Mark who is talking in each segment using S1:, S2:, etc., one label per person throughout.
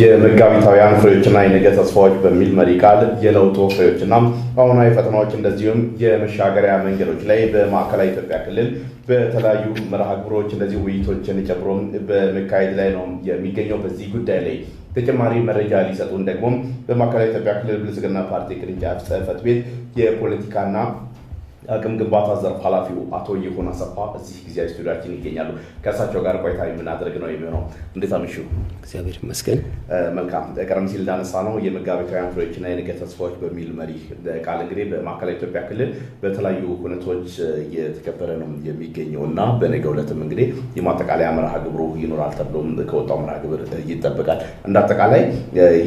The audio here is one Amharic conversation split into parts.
S1: የመጋቢታውያን ፍሬዎችና የነገ ተስፋዎች በሚል መሪ ቃል የለውጡ ፍሬዎችና አሁናዊ ፈተናዎች እንደዚሁም የመሻገሪያ መንገዶች ላይ በማዕከላዊ ኢትዮጵያ ክልል በተለያዩ መርሃ ግብሮች እንደዚህ ውይይቶችን ጨምሮ በመካሄድ ላይ ነው የሚገኘው። በዚህ ጉዳይ ላይ ተጨማሪ መረጃ ሊሰጡን ደግሞ በማዕከላዊ ኢትዮጵያ ክልል ብልጽግና ፓርቲ ቅርንጫፍ ጽህፈት ቤት የፖለቲካና አቅም ግንባታ ዘርፍ ኃላፊው አቶ ይሁን አሰፋ እዚህ ጊዜያዊ ስቱዲያችን ይገኛሉ። ከእሳቸው ጋር ቆይታ የምናደርግ ነው የሚሆነው። እንዴት አመሹ?
S2: እግዚአብሔር ይመስገን።
S1: መልካም። ቀደም ሲል እንዳነሳ ነው የመጋቢታውያን ፍሬዎችና የነገ ተስፋዎች በሚል መሪ ቃል እንግዲህ በማዕከላዊ ኢትዮጵያ ክልል በተለያዩ ሁነቶች እየተከበረ ነው የሚገኘው እና በነገ ዕለትም እንግዲህ የማጠቃለያ መርሃ ግብሩ ይኖራል ተብሎም ከወጣው መርሃ ግብር ይጠበቃል። እንደ አጠቃላይ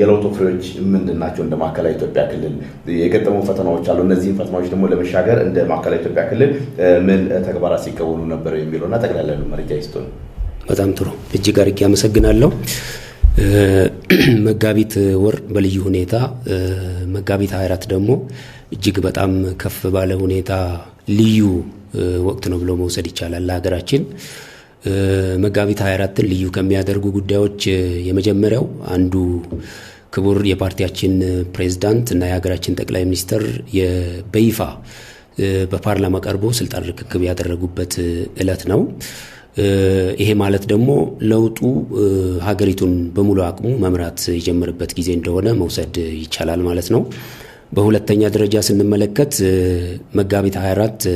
S1: የለውጡ ፍሬዎች ምንድን ናቸው? እንደ ማዕከላዊ ኢትዮጵያ ክልል የገጠሙ ፈተናዎች አሉ። እነዚህም ፈተናዎች ደግሞ ለመሻገር እንደ ማዕከላዊ ኢትዮጵያ ክልል ምን ተግባራት ሲከወኑ ነበር የሚለውና ጠቅላላ መረጃ ይስጡ ነው።
S2: በጣም ጥሩ እጅግ አርጌ አመሰግናለሁ። መጋቢት ወር በልዩ ሁኔታ መጋቢት 24 ደግሞ እጅግ በጣም ከፍ ባለ ሁኔታ ልዩ ወቅት ነው ብሎ መውሰድ ይቻላል። ለሀገራችን መጋቢት 24ን ልዩ ከሚያደርጉ ጉዳዮች የመጀመሪያው አንዱ ክቡር የፓርቲያችን ፕሬዝዳንት እና የሀገራችን ጠቅላይ ሚኒስትር በይፋ በፓርላማ ቀርቦ ስልጣን ርክክብ ያደረጉበት እለት ነው። ይሄ ማለት ደግሞ ለውጡ ሀገሪቱን በሙሉ አቅሙ መምራት የጀመረበት ጊዜ እንደሆነ መውሰድ ይቻላል ማለት ነው። በሁለተኛ ደረጃ ስንመለከት መጋቢት 24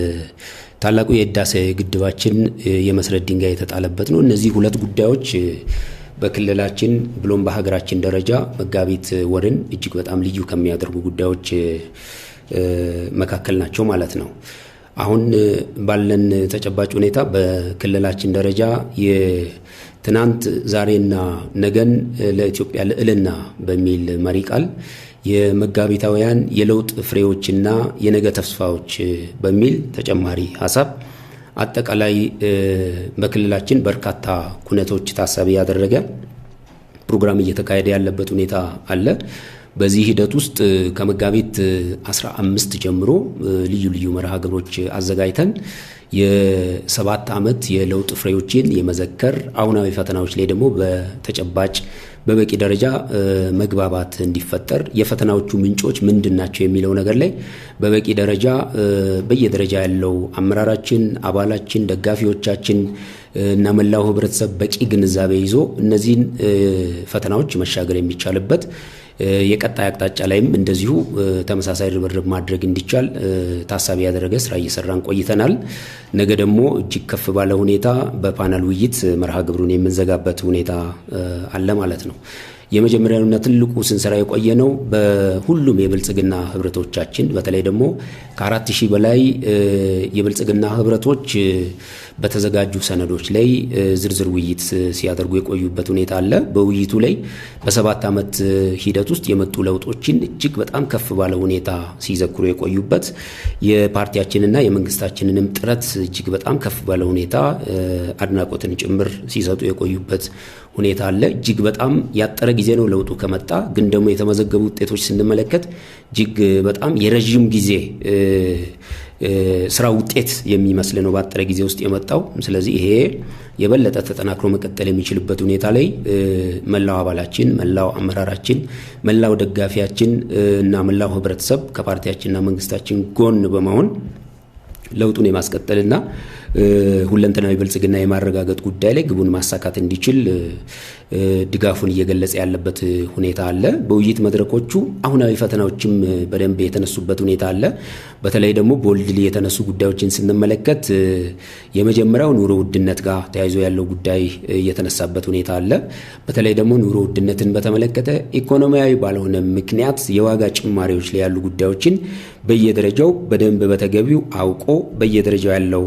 S2: ታላቁ የህዳሴ ግድባችን የመሰረት ድንጋይ የተጣለበት ነው። እነዚህ ሁለት ጉዳዮች በክልላችን ብሎም በሀገራችን ደረጃ መጋቢት ወርን እጅግ በጣም ልዩ ከሚያደርጉ ጉዳዮች መካከል ናቸው ማለት ነው። አሁን ባለን ተጨባጭ ሁኔታ በክልላችን ደረጃ የትናንት ዛሬና ነገን ለኢትዮጵያ ልዕልና በሚል መሪ ቃል የመጋቢታውያን የለውጥ ፍሬዎችና የነገ ተስፋዎች በሚል ተጨማሪ ሀሳብ አጠቃላይ በክልላችን በርካታ ኩነቶች ታሳቢ ያደረገ ፕሮግራም እየተካሄደ ያለበት ሁኔታ አለ። በዚህ ሂደት ውስጥ ከመጋቢት 15 ጀምሮ ልዩ ልዩ መርሃ ግብሮች አዘጋጅተን የሰባት ዓመት የለውጥ ፍሬዎችን የመዘከር አሁናዊ ፈተናዎች ላይ ደግሞ በተጨባጭ በበቂ ደረጃ መግባባት እንዲፈጠር የፈተናዎቹ ምንጮች ምንድን ናቸው የሚለው ነገር ላይ በበቂ ደረጃ በየደረጃ ያለው አመራራችን፣ አባላችን፣ ደጋፊዎቻችን እና መላው ህብረተሰብ በቂ ግንዛቤ ይዞ እነዚህን ፈተናዎች መሻገር የሚቻልበት የቀጣይ አቅጣጫ ላይም እንደዚሁ ተመሳሳይ ርብርብ ማድረግ እንዲቻል ታሳቢ ያደረገ ስራ እየሰራን ቆይተናል። ነገ ደግሞ እጅግ ከፍ ባለ ሁኔታ በፓናል ውይይት መርሃ ግብሩን የምንዘጋበት ሁኔታ አለ ማለት ነው። የመጀመሪያውና ትልቁ ስንሰራ የቆየ ነው። በሁሉም የብልጽግና ህብረቶቻችን በተለይ ደግሞ ከአራት ሺህ በላይ የብልጽግና ህብረቶች በተዘጋጁ ሰነዶች ላይ ዝርዝር ውይይት ሲያደርጉ የቆዩበት ሁኔታ አለ። በውይይቱ ላይ በሰባት ዓመት ሂደት ውስጥ የመጡ ለውጦችን እጅግ በጣም ከፍ ባለ ሁኔታ ሲዘክሩ የቆዩበት የፓርቲያችንና የመንግስታችንንም ጥረት እጅግ በጣም ከፍ ባለ ሁኔታ አድናቆትን ጭምር ሲሰጡ የቆዩበት ሁኔታ አለ። እጅግ በጣም ያጠረ ጊዜ ነው ለውጡ ከመጣ ግን ደግሞ የተመዘገቡ ውጤቶች ስንመለከት እጅግ በጣም የረዥም ጊዜ ስራ ውጤት የሚመስል ነው በአጠረ ጊዜ ውስጥ የመጣው። ስለዚህ ይሄ የበለጠ ተጠናክሮ መቀጠል የሚችልበት ሁኔታ ላይ መላው አባላችን፣ መላው አመራራችን፣ መላው ደጋፊያችን እና መላው ህብረተሰብ ከፓርቲያችንና መንግስታችን ጎን በመሆን ለውጡን የማስቀጠልና ሁለንተናዊ ብልጽግና የማረጋገጥ ጉዳይ ላይ ግቡን ማሳካት እንዲችል ድጋፉን እየገለጸ ያለበት ሁኔታ አለ። በውይይት መድረኮቹ አሁናዊ ፈተናዎችም በደንብ የተነሱበት ሁኔታ አለ። በተለይ ደግሞ ቦልድሊ የተነሱ ጉዳዮችን ስንመለከት የመጀመሪያው ኑሮ ውድነት ጋር ተያይዞ ያለው ጉዳይ የተነሳበት ሁኔታ አለ። በተለይ ደግሞ ኑሮ ውድነትን በተመለከተ ኢኮኖሚያዊ ባልሆነ ምክንያት የዋጋ ጭማሪዎች ላይ ያሉ ጉዳዮችን በየደረጃው በደንብ በተገቢው አውቆ በየደረጃው ያለው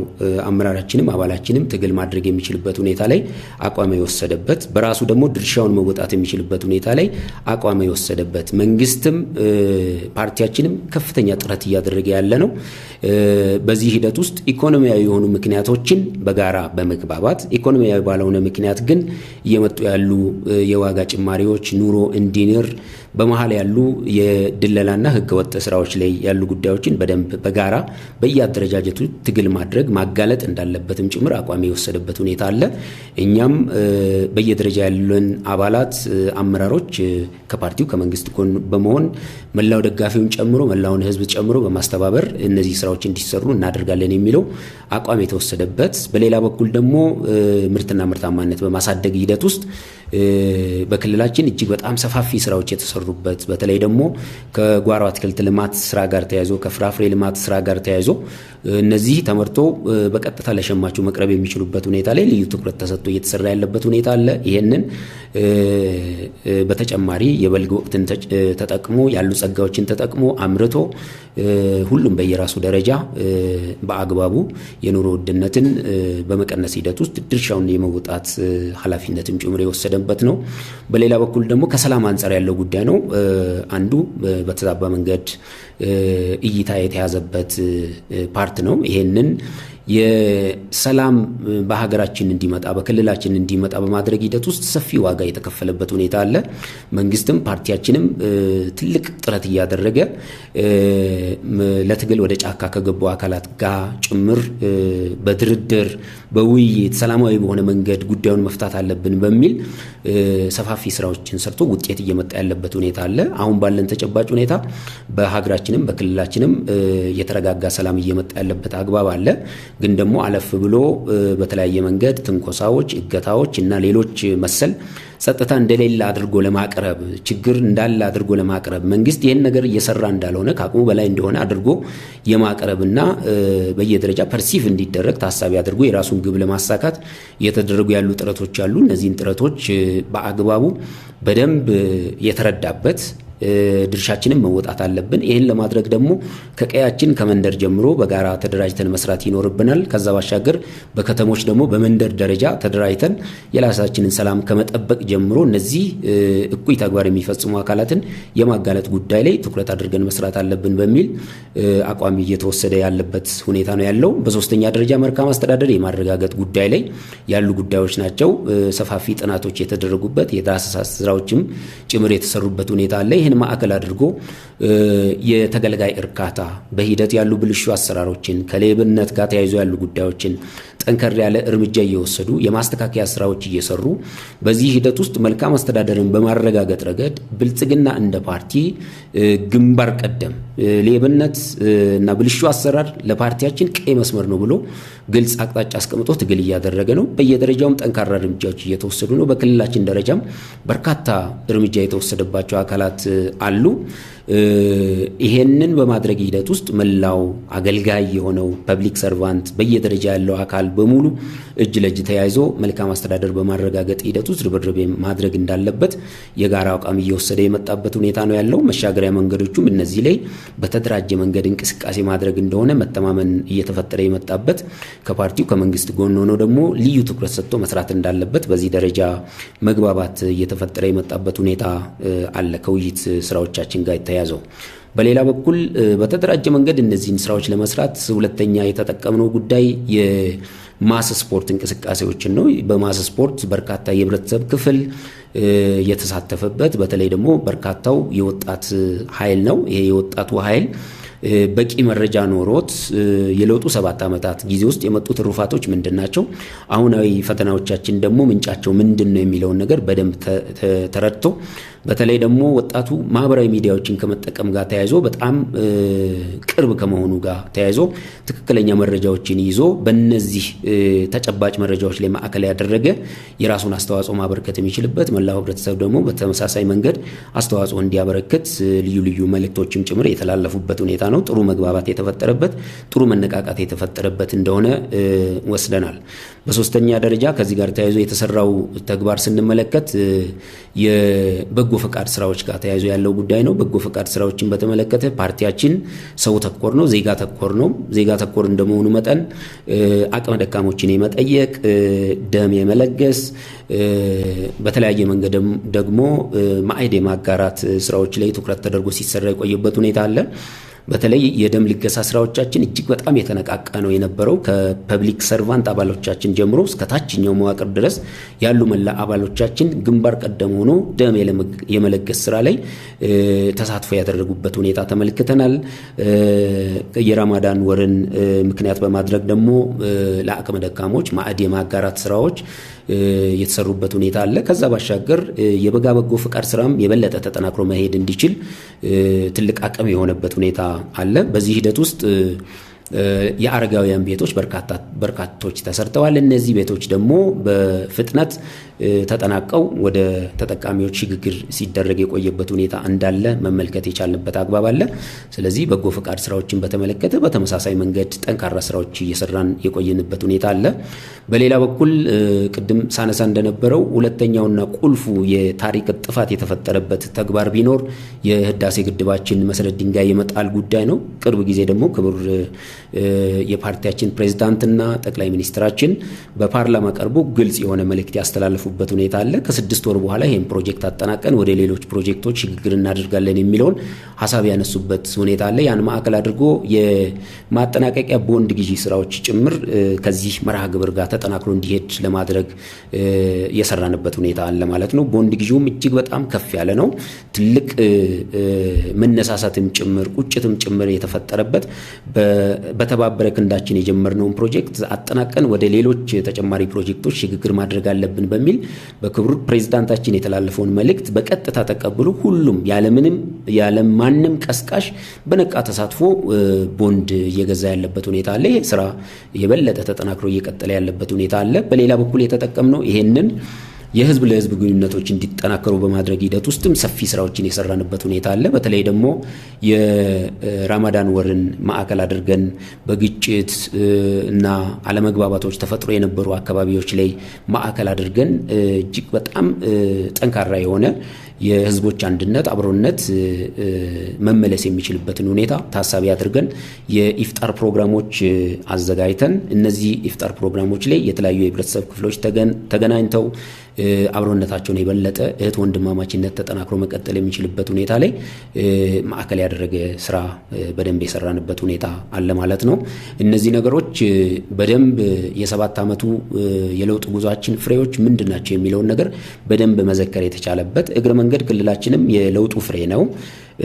S2: አመራራችንም አባላችንም ትግል ማድረግ የሚችልበት ሁኔታ ላይ አቋም የወሰደበት በራሱ ደግሞ ድርሻውን መወጣት የሚችልበት ሁኔታ ላይ አቋም የወሰደበት መንግስትም ፓርቲያችንም ከፍተኛ ጥረት እያደረገ ያለ ነው። በዚህ ሂደት ውስጥ ኢኮኖሚያዊ የሆኑ ምክንያቶችን በጋራ በመግባባት ኢኮኖሚያዊ ባለሆነ ምክንያት ግን እየመጡ ያሉ የዋጋ ጭማሪዎች ኑሮ እንዲንር በመሀል ያሉ የድለላና ህገወጥ ስራዎች ላይ ያሉ ጉዳዮችን በደንብ በጋራ በየአደረጃጀቱ ትግል ማድረግ ማጋለጥ እንዳለበትም ጭምር አቋም የወሰደበት ሁኔታ አለ። እኛም በየደረጃ ያለን አባላት፣ አመራሮች ከፓርቲው ከመንግስት ጎን በመሆን መላው ደጋፊውን ጨምሮ መላውን ህዝብ ጨምሮ በማስተባበር እነዚህ ስራዎች እንዲሰሩ እናደርጋለን የሚለው አቋም የተወሰደበት፣ በሌላ በኩል ደግሞ ምርትና ምርታማነት በማሳደግ ሂደት ውስጥ በክልላችን እጅግ በጣም ሰፋፊ ስራዎች የተሰሩበት በተለይ ደግሞ ከጓሮ አትክልት ልማት ስራ ጋር ተያይዞ ከፍራፍሬ ልማት ስራ ጋር ተያይዞ እነዚህ ተመርቶ በቀጥታ ለሸማቹ መቅረብ የሚችሉበት ሁኔታ ላይ ልዩ ትኩረት ተሰጥቶ እየተሰራ ያለበት ሁኔታ አለ። ይህንን በተጨማሪ የበልግ ወቅትን ተጠቅሞ ያሉ ጸጋዎችን ተጠቅሞ አምርቶ ሁሉም በየራሱ ደረጃ በአግባቡ የኑሮ ውድነትን በመቀነስ ሂደት ውስጥ ድርሻውን የመውጣት ኃላፊነትም ጭምር የወሰደ የተወሰደበት ነው። በሌላ በኩል ደግሞ ከሰላም አንጻር ያለው ጉዳይ ነው። አንዱ በተዛባ መንገድ እይታ የተያዘበት ፓርት ነው። ይሄንን የሰላም በሀገራችን እንዲመጣ በክልላችን እንዲመጣ በማድረግ ሂደት ውስጥ ሰፊ ዋጋ የተከፈለበት ሁኔታ አለ። መንግስትም ፓርቲያችንም ትልቅ ጥረት እያደረገ ለትግል ወደ ጫካ ከገቡ አካላት ጋር ጭምር በድርድር በውይይት ሰላማዊ በሆነ መንገድ ጉዳዩን መፍታት አለብን በሚል ሰፋፊ ስራዎችን ሰርቶ ውጤት እየመጣ ያለበት ሁኔታ አለ። አሁን ባለን ተጨባጭ ሁኔታ በሀገራችንም በክልላችንም የተረጋጋ ሰላም እየመጣ ያለበት አግባብ አለ። ግን ደግሞ አለፍ ብሎ በተለያየ መንገድ ትንኮሳዎች፣ እገታዎች እና ሌሎች መሰል ጸጥታ እንደሌለ አድርጎ ለማቅረብ ችግር እንዳለ አድርጎ ለማቅረብ መንግስት ይህን ነገር እየሰራ እንዳልሆነ ከአቅሙ በላይ እንደሆነ አድርጎ የማቅረብና በየደረጃ ፐርሲቭ እንዲደረግ ታሳቢ አድርጎ የራሱን ግብ ለማሳካት እየተደረጉ ያሉ ጥረቶች አሉ። እነዚህን ጥረቶች በአግባቡ በደንብ የተረዳበት ድርሻችንን መወጣት አለብን። ይህን ለማድረግ ደግሞ ከቀያችን ከመንደር ጀምሮ በጋራ ተደራጅተን መስራት ይኖርብናል። ከዛ ባሻገር በከተሞች ደግሞ በመንደር ደረጃ ተደራጅተን የራሳችንን ሰላም ከመጠበቅ ጀምሮ እነዚህ እኩይ ተግባር የሚፈጽሙ አካላትን የማጋለጥ ጉዳይ ላይ ትኩረት አድርገን መስራት አለብን በሚል አቋም እየተወሰደ ያለበት ሁኔታ ነው ያለው። በሶስተኛ ደረጃ መልካም አስተዳደር የማረጋገጥ ጉዳይ ላይ ያሉ ጉዳዮች ናቸው። ሰፋፊ ጥናቶች የተደረጉበት የዳሰሳ ስራዎችም ጭምር የተሰሩበት ሁኔታ አለ። ይህን ማዕከል አድርጎ የተገልጋይ እርካታ በሂደት ያሉ ብልሹ አሰራሮችን ከሌብነት ጋር ተያይዞ ያሉ ጉዳዮችን ጠንከር ያለ እርምጃ እየወሰዱ የማስተካከያ ስራዎች እየሰሩ በዚህ ሂደት ውስጥ መልካም አስተዳደርን በማረጋገጥ ረገድ ብልጽግና እንደ ፓርቲ ግንባር ቀደም ሌብነት እና ብልሹ አሰራር ለፓርቲያችን ቀይ መስመር ነው ብሎ ግልጽ አቅጣጫ አስቀምጦ ትግል እያደረገ ነው። በየደረጃውም ጠንካራ እርምጃዎች እየተወሰዱ ነው። በክልላችን ደረጃም በርካታ እርምጃ የተወሰደባቸው አካላት አሉ። ይሄንን በማድረግ ሂደት ውስጥ መላው አገልጋይ የሆነው ፐብሊክ ሰርቫንት በየደረጃ ያለው አካል በሙሉ እጅ ለእጅ ተያይዞ መልካም አስተዳደር በማረጋገጥ ሂደት ውስጥ ርብርብ ማድረግ እንዳለበት የጋራ አቋም እየወሰደ የመጣበት ሁኔታ ነው ያለው። መሻገሪያ መንገዶቹም እነዚህ ላይ በተደራጀ መንገድ እንቅስቃሴ ማድረግ እንደሆነ መተማመን እየተፈጠረ የመጣበት ከፓርቲው ከመንግስት ጎን ሆኖ ደግሞ ልዩ ትኩረት ሰጥቶ መስራት እንዳለበት በዚህ ደረጃ መግባባት እየተፈጠረ የመጣበት ሁኔታ አለ ከውይይት ስራዎቻችን ጋር የተያዘው። በሌላ በኩል በተደራጀ መንገድ እነዚህን ስራዎች ለመስራት ሁለተኛ የተጠቀምነው ጉዳይ ማስ ስፖርት እንቅስቃሴዎችን ነው። በማስ ስፖርት በርካታ የህብረተሰብ ክፍል የተሳተፈበት በተለይ ደግሞ በርካታው የወጣት ኃይል ነው። ይሄ የወጣቱ ኃይል በቂ መረጃ ኖሮት የለውጡ ሰባት ዓመታት ጊዜ ውስጥ የመጡ ትሩፋቶች ምንድን ናቸው፣ አሁናዊ ፈተናዎቻችን ደግሞ ምንጫቸው ምንድን ነው የሚለውን ነገር በደንብ ተረድቶ በተለይ ደግሞ ወጣቱ ማህበራዊ ሚዲያዎችን ከመጠቀም ጋር ተያይዞ በጣም ቅርብ ከመሆኑ ጋር ተያይዞ ትክክለኛ መረጃዎችን ይዞ በነዚህ ተጨባጭ መረጃዎች ላይ ማዕከል ያደረገ የራሱን አስተዋጽኦ ማበረከት የሚችልበት መላው ህብረተሰብ ደግሞ በተመሳሳይ መንገድ አስተዋጽኦ እንዲያበረክት ልዩ ልዩ መልእክቶችም ጭምር የተላለፉበት ሁኔታ ነው። ጥሩ መግባባት የተፈጠረበት ጥሩ መነቃቃት የተፈጠረበት እንደሆነ ወስደናል። በሶስተኛ ደረጃ ከዚህ ጋር ተያይዞ የተሰራው ተግባር ስንመለከት የበጎ ፈቃድ ስራዎች ጋር ተያይዞ ያለው ጉዳይ ነው። በጎ ፈቃድ ስራዎችን በተመለከተ ፓርቲያችን ሰው ተኮር ነው፣ ዜጋ ተኮር ነው። ዜጋ ተኮር እንደመሆኑ መጠን አቅመ ደካሞችን የመጠየቅ ደም የመለገስ በተለያየ መንገድ ደግሞ ማዕድ የማጋራት ስራዎች ላይ ትኩረት ተደርጎ ሲሰራ የቆየበት ሁኔታ አለ። በተለይ የደም ልገሳ ስራዎቻችን እጅግ በጣም የተነቃቃ ነው የነበረው። ከፐብሊክ ሰርቫንት አባሎቻችን ጀምሮ እስከ ታችኛው መዋቅር ድረስ ያሉ መላ አባሎቻችን ግንባር ቀደም ሆኖ ደም የመለገስ ስራ ላይ ተሳትፎ ያደረጉበት ሁኔታ ተመልክተናል። የራማዳን ወርን ምክንያት በማድረግ ደግሞ ለአቅመ ደካሞች ማዕድ የማጋራት ስራዎች የተሰሩበት ሁኔታ አለ። ከዛ ባሻገር የበጋ በጎ ፍቃድ ስራም የበለጠ ተጠናክሮ መሄድ እንዲችል ትልቅ አቅም የሆነበት ሁኔታ አለ። በዚህ ሂደት ውስጥ የአረጋውያን ቤቶች በርካቶች ተሰርተዋል። እነዚህ ቤቶች ደግሞ በፍጥነት ተጠናቀው ወደ ተጠቃሚዎች ሽግግር ሲደረግ የቆየበት ሁኔታ እንዳለ መመልከት የቻልንበት አግባብ አለ። ስለዚህ በጎ ፈቃድ ስራዎችን በተመለከተ በተመሳሳይ መንገድ ጠንካራ ስራዎች እየሰራን የቆየንበት ሁኔታ አለ። በሌላ በኩል ቅድም ሳነሳ እንደነበረው ሁለተኛውና ቁልፉ የታሪክ ጥፋት የተፈጠረበት ተግባር ቢኖር የህዳሴ ግድባችን መሰረት ድንጋይ የመጣል ጉዳይ ነው። ቅርብ ጊዜ ደግሞ ክቡር የፓርቲያችን ፕሬዚዳንትና ጠቅላይ ሚኒስትራችን በፓርላማ ቀርቦ ግልጽ የሆነ መልእክት ያስተላለፉበት ሁኔታ አለ። ከስድስት ወር በኋላ ይህን ፕሮጀክት አጠናቀን ወደ ሌሎች ፕሮጀክቶች ሽግግር እናደርጋለን የሚለውን ሀሳብ ያነሱበት ሁኔታ አለ። ያን ማዕከል አድርጎ የማጠናቀቂያ ቦንድ ግዢ ስራዎች ጭምር ከዚህ መርሃ ግብር ጋር ተጠናክሮ እንዲሄድ ለማድረግ የሰራንበት ሁኔታ አለ ማለት ነው። ቦንድ ግዢውም እጅግ በጣም ከፍ ያለ ነው። ትልቅ መነሳሳትም ጭምር ቁጭትም ጭምር የተፈጠረበት በተባበረ ክንዳችን የጀመርነውን ፕሮጀክት አጠናቀን ወደ ሌሎች ተጨማሪ ፕሮጀክቶች ሽግግር ማድረግ አለብን በሚል በክቡር ፕሬዚዳንታችን የተላለፈውን መልእክት በቀጥታ ተቀብሎ ሁሉም ያለምንም ያለማንም ቀስቃሽ በነቃ ተሳትፎ ቦንድ እየገዛ ያለበት ሁኔታ አለ። ይሄ ስራ የበለጠ ተጠናክሮ እየቀጠለ ያለበት ሁኔታ አለ። በሌላ በኩል የተጠቀምነው ይሄንን የህዝብ ለህዝብ ግንኙነቶች እንዲጠናከሩ በማድረግ ሂደት ውስጥም ሰፊ ስራዎችን የሰራንበት ሁኔታ አለ። በተለይ ደግሞ የራማዳን ወርን ማዕከል አድርገን በግጭት እና አለመግባባቶች ተፈጥሮ የነበሩ አካባቢዎች ላይ ማዕከል አድርገን እጅግ በጣም ጠንካራ የሆነ የህዝቦች አንድነት፣ አብሮነት መመለስ የሚችልበትን ሁኔታ ታሳቢ አድርገን የኢፍጣር ፕሮግራሞች አዘጋጅተን እነዚህ ኢፍጣር ፕሮግራሞች ላይ የተለያዩ የህብረተሰብ ክፍሎች ተገናኝተው አብሮነታቸውን የበለጠ እህት ወንድማማችነት ተጠናክሮ መቀጠል የሚችልበት ሁኔታ ላይ ማዕከል ያደረገ ስራ በደንብ የሰራንበት ሁኔታ አለ ማለት ነው። እነዚህ ነገሮች በደንብ የሰባት ዓመቱ የለውጥ ጉዟችን ፍሬዎች ምንድን ናቸው የሚለውን ነገር በደንብ መዘከር የተቻለበት እግረ መንገድ ክልላችንም የለውጡ ፍሬ ነው።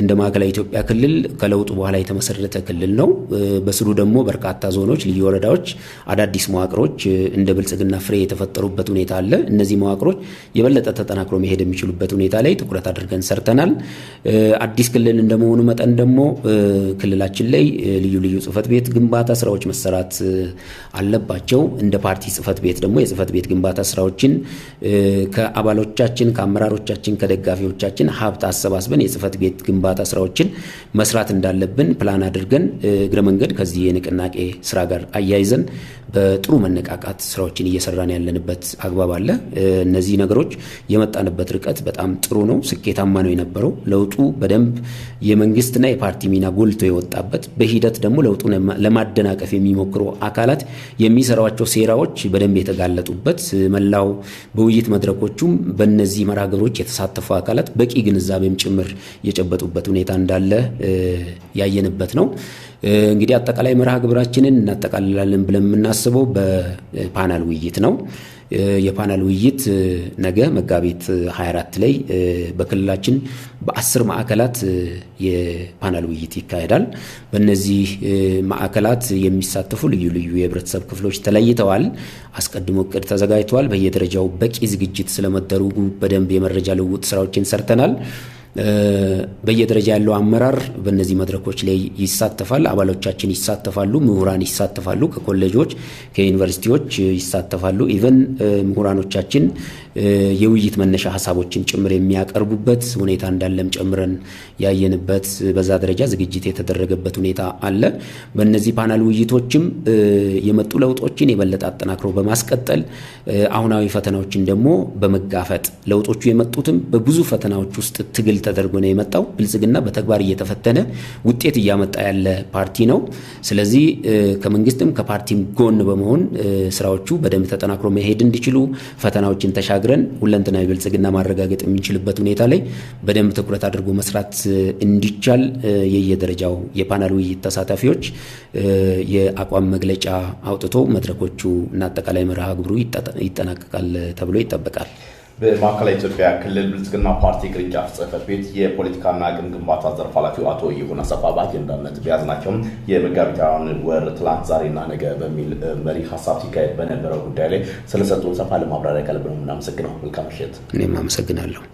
S2: እንደ ማዕከላዊ ኢትዮጵያ ክልል ከለውጡ በኋላ የተመሰረተ ክልል ነው። በስሩ ደግሞ በርካታ ዞኖች፣ ልዩ ወረዳዎች፣ አዳዲስ መዋቅሮች እንደ ብልጽግና ፍሬ የተፈጠሩበት ሁኔታ አለ። እነዚህ መዋቅሮች የበለጠ ተጠናክሮ መሄድ የሚችሉበት ሁኔታ ላይ ትኩረት አድርገን ሰርተናል። አዲስ ክልል እንደመሆኑ መጠን ደግሞ ክልላችን ላይ ልዩ ልዩ ጽህፈት ቤት ግንባታ ስራዎች መሰራት አለባቸው። እንደ ፓርቲ ጽህፈት ቤት ደግሞ የጽህፈት ቤት ግንባታ ስራዎችን ከአባሎቻችን፣ ከአመራሮቻችን፣ ከደጋፊዎቻችን ሀብት አሰባስበን የጽህፈት ቤት ግንባታ ስራዎችን መስራት እንዳለብን ፕላን አድርገን እግረ መንገድ ከዚህ የንቅናቄ ስራ ጋር አያይዘን በጥሩ መነቃቃት ስራዎችን እየሰራን ያለንበት አግባብ አለ። እነዚህ ነገሮች የመጣንበት ርቀት በጣም ጥሩ ነው፣ ስኬታማ ነው የነበረው። ለውጡ በደንብ የመንግስትና የፓርቲ ሚና ጎልቶ የወጣበት በሂደት ደግሞ ለውጡን ለማደናቀፍ የሚሞክሩ አካላት የሚሰሯቸው ሴራዎች በደንብ የተጋለጡበት መላው በውይይት መድረኮቹም በእነዚህ መርሃ ግብሮች የተሳተፉ አካላት በቂ ግንዛቤም ጭምር የጨበጡበት የሚደረሱበት ሁኔታ እንዳለ ያየንበት ነው። እንግዲህ አጠቃላይ መርሃ ግብራችንን እናጠቃልላለን ብለን የምናስበው በፓናል ውይይት ነው። የፓናል ውይይት ነገ መጋቢት 24 ላይ በክልላችን በአስር ማዕከላት የፓናል ውይይት ይካሄዳል። በእነዚህ ማዕከላት የሚሳተፉ ልዩ ልዩ የህብረተሰብ ክፍሎች ተለይተዋል። አስቀድሞ እቅድ ተዘጋጅተዋል። በየደረጃው በቂ ዝግጅት ስለመደረጉ በደንብ የመረጃ ልውውጥ ስራዎችን ሰርተናል። በየደረጃ ያለው አመራር በእነዚህ መድረኮች ላይ ይሳተፋል። አባሎቻችን ይሳተፋሉ፣ ምሁራን ይሳተፋሉ፣ ከኮሌጆች ከዩኒቨርሲቲዎች ይሳተፋሉ። ኢቨን ምሁራኖቻችን የውይይት መነሻ ሀሳቦችን ጭምር የሚያቀርቡበት ሁኔታ እንዳለም ጨምረን ያየንበት በዛ ደረጃ ዝግጅት የተደረገበት ሁኔታ አለ። በእነዚህ ፓናል ውይይቶችም የመጡ ለውጦችን የበለጠ አጠናክሮ በማስቀጠል አሁናዊ ፈተናዎችን ደግሞ በመጋፈጥ ለውጦቹ የመጡትም በብዙ ፈተናዎች ውስጥ ትግል ተደርጎ ነው የመጣው። ብልጽግና በተግባር እየተፈተነ ውጤት እያመጣ ያለ ፓርቲ ነው። ስለዚህ ከመንግስትም ከፓርቲም ጎን በመሆን ስራዎቹ በደንብ ተጠናክሮ መሄድ እንዲችሉ ፈተናዎችን ተሻገ ተሻግረን ሁለንተናዊ ብልጽግና ማረጋገጥ የምንችልበት ሁኔታ ላይ በደንብ ትኩረት አድርጎ መስራት እንዲቻል የየደረጃው የፓናል ውይይት ተሳታፊዎች የአቋም መግለጫ አውጥቶ መድረኮቹ እና አጠቃላይ መርሃ ግብሩ ይጠናቀቃል ተብሎ ይጠበቃል።
S1: በማዕከላዊ ኢትዮጵያ ክልል ብልጽግና ፓርቲ ቅርንጫፍ ጽህፈት ቤት የፖለቲካና አቅም ግንባታ ዘርፍ ኃላፊው አቶ ይሁን አሰፋ በአጀንዳነት በያዝናቸው የመጋቢት ወር ትላንት፣ ዛሬና ነገ በሚል መሪ ሀሳብ ሲካሄድ በነበረው ጉዳይ ላይ ስለሰጡን ሰፋ ለማብራሪያ ቀልብ ነው የምናመሰግነው። መልካም ምሽት። እኔም አመሰግናለሁ።